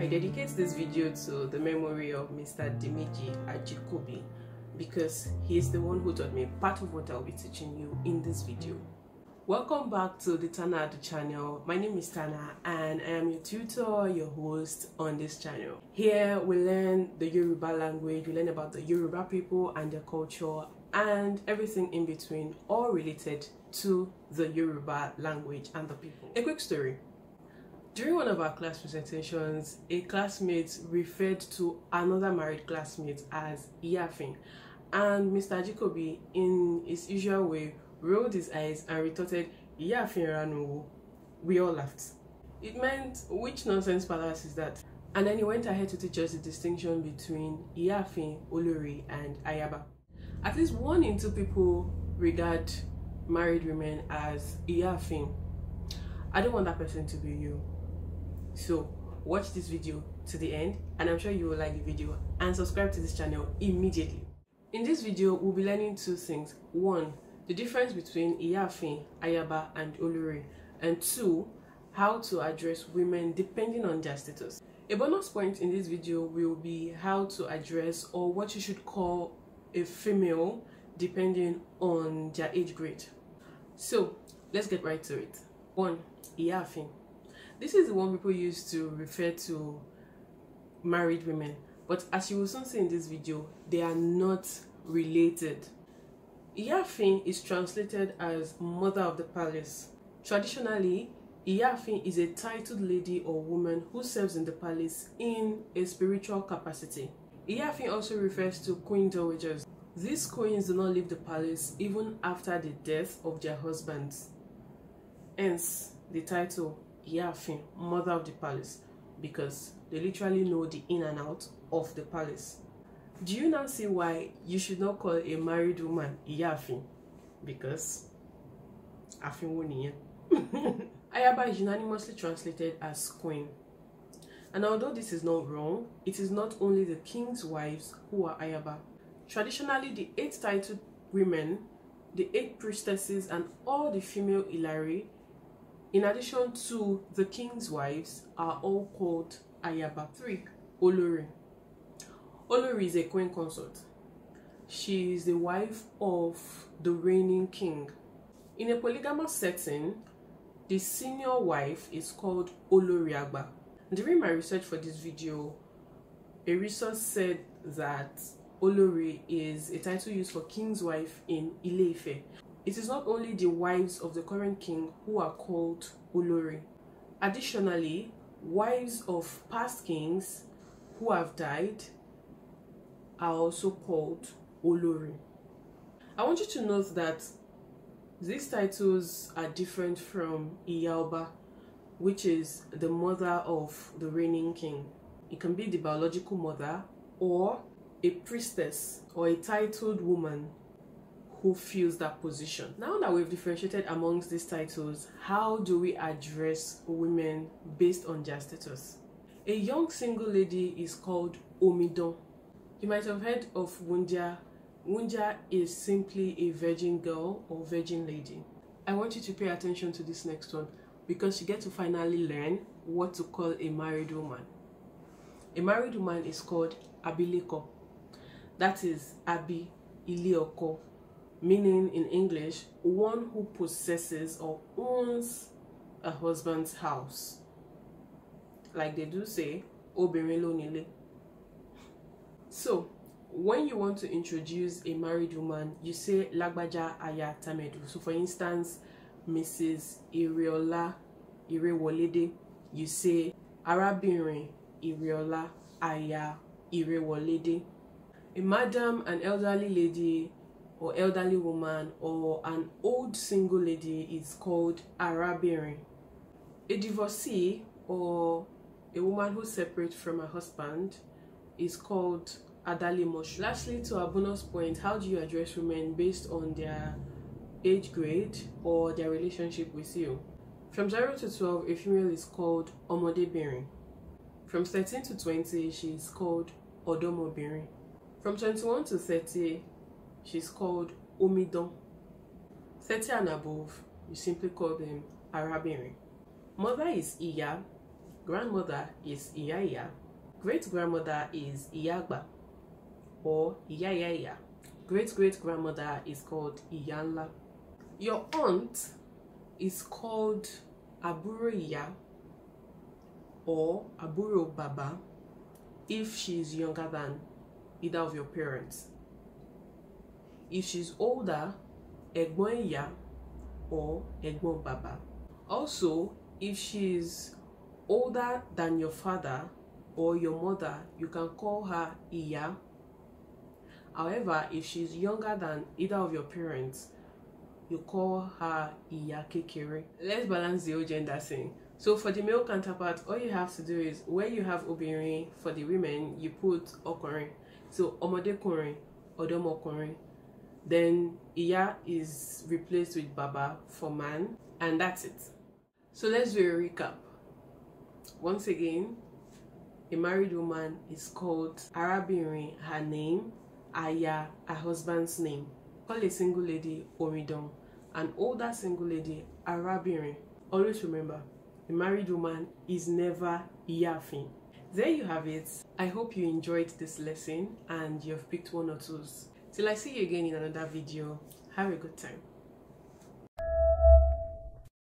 I dedicate this video to the memory of Mr. Dimiji Ajikobi because he is the one who taught me part of what I'll be teaching you in this video. Welcome back to the Tana Adu channel. My name is Tana and I am your tutor, your host on this channel. Here we learn the Yoruba language, we learn about the Yoruba people and their culture and everything in between all related to the Yoruba language and the people. A quick story. During one of our class presentations, a classmate referred to another married classmate as Iafin, and Mr. Jacoby, in his usual way, rolled his eyes and retorted, Iafin Ranu. We all laughed. It meant, which nonsense palace is that? And then he went ahead to teach us the distinction between Iafin, uluri, and Ayaba. At least one in two people regard married women as Iafin. I don't want that person to be you. So watch this video to the end and I'm sure you will like the video and subscribe to this channel immediately. In this video, we'll be learning two things. One, the difference between Iyafin, Ayaba and Olure and two, how to address women depending on their status. A bonus point in this video will be how to address or what you should call a female depending on their age grade. So let's get right to it. 1. Iyafin this is the one people use to refer to married women. But as you will soon see in this video, they are not related. Iyafin is translated as mother of the palace. Traditionally, Iyafin is a titled lady or woman who serves in the palace in a spiritual capacity. Iyafin also refers to queen dowagers. These queens do not leave the palace even after the death of their husbands. Hence, the title Yafin, mother of the palace, because they literally know the in and out of the palace. Do you now see why you should not call a married woman Yafin? Because Afinwoniye. Ayaba is unanimously translated as queen. And although this is not wrong, it is not only the king's wives who are Ayaba. Traditionally, the eight titled women, the eight priestesses, and all the female Ilari in addition to the king's wives are all called Ayaba. 3. Olori. Olori is a queen consort. She is the wife of the reigning king. In a polygamous setting, the senior wife is called Oloriagba. During my research for this video, a resource said that Olori is a title used for king's wife in Ileife. It is not only the wives of the current king who are called Olori. Additionally, wives of past kings who have died are also called Olori. I want you to note that these titles are different from Iyalba, which is the mother of the reigning king. It can be the biological mother or a priestess or a titled woman who fills that position. Now that we've differentiated amongst these titles, how do we address women based on their status? A young single lady is called Omidon. You might have heard of Wunja. Wunja is simply a virgin girl or virgin lady. I want you to pay attention to this next one because you get to finally learn what to call a married woman. A married woman is called Abileko. That is Abi Ilioko meaning in English, one who possesses or owns a husband's house. Like they do say, ló So, when you want to introduce a married woman, you say Lagbaja Aya Tamedu. So, for instance, Mrs. Iriola Irewolede, you say Arabinrin Iriola Aya Irewolede. A madam, an elderly lady, or elderly woman or an old single lady is called arabirin. A divorcee or a woman who separates from her husband is called adalimosh. Lastly, to our bonus point, how do you address women based on their age grade or their relationship with you? From 0 to 12, a female is called bearing. From 13 to 20, she is called bearing. From 21 to 30, She's called Omidon. 30 and above, you simply call them Arabirin. Mother is Iya, grandmother is Iyaya, great grandmother is Iyagba or Iyayaya. Great great grandmother is called Iyanla. Your aunt is called Aburo Iya or Aburo Baba if she is younger than either of your parents. if she's older ẹ̀gbọ́n ìyá or ẹ̀gbọ́n bàbá also if she's older than your father or your mother you can call her iya. however if she's younger than either of your parents you call her ìyá kékeré let's balance the whole gender thing so for the male counterpart all you have to do is where you have obìnrin for the women you put ọkùnrin so ọmọdékùnrin ọ̀dọ́mọkùnrin Then Iya is replaced with Baba for man, and that's it. So let's do a recap. Once again, a married woman is called Arabirin, her name, Aya, her husband's name. Call a single lady Oridon, an older single lady Arabirin. Always remember, a married woman is never Iyafin. There you have it. I hope you enjoyed this lesson and you've picked one or two. Till I see you again in another video, have a good time.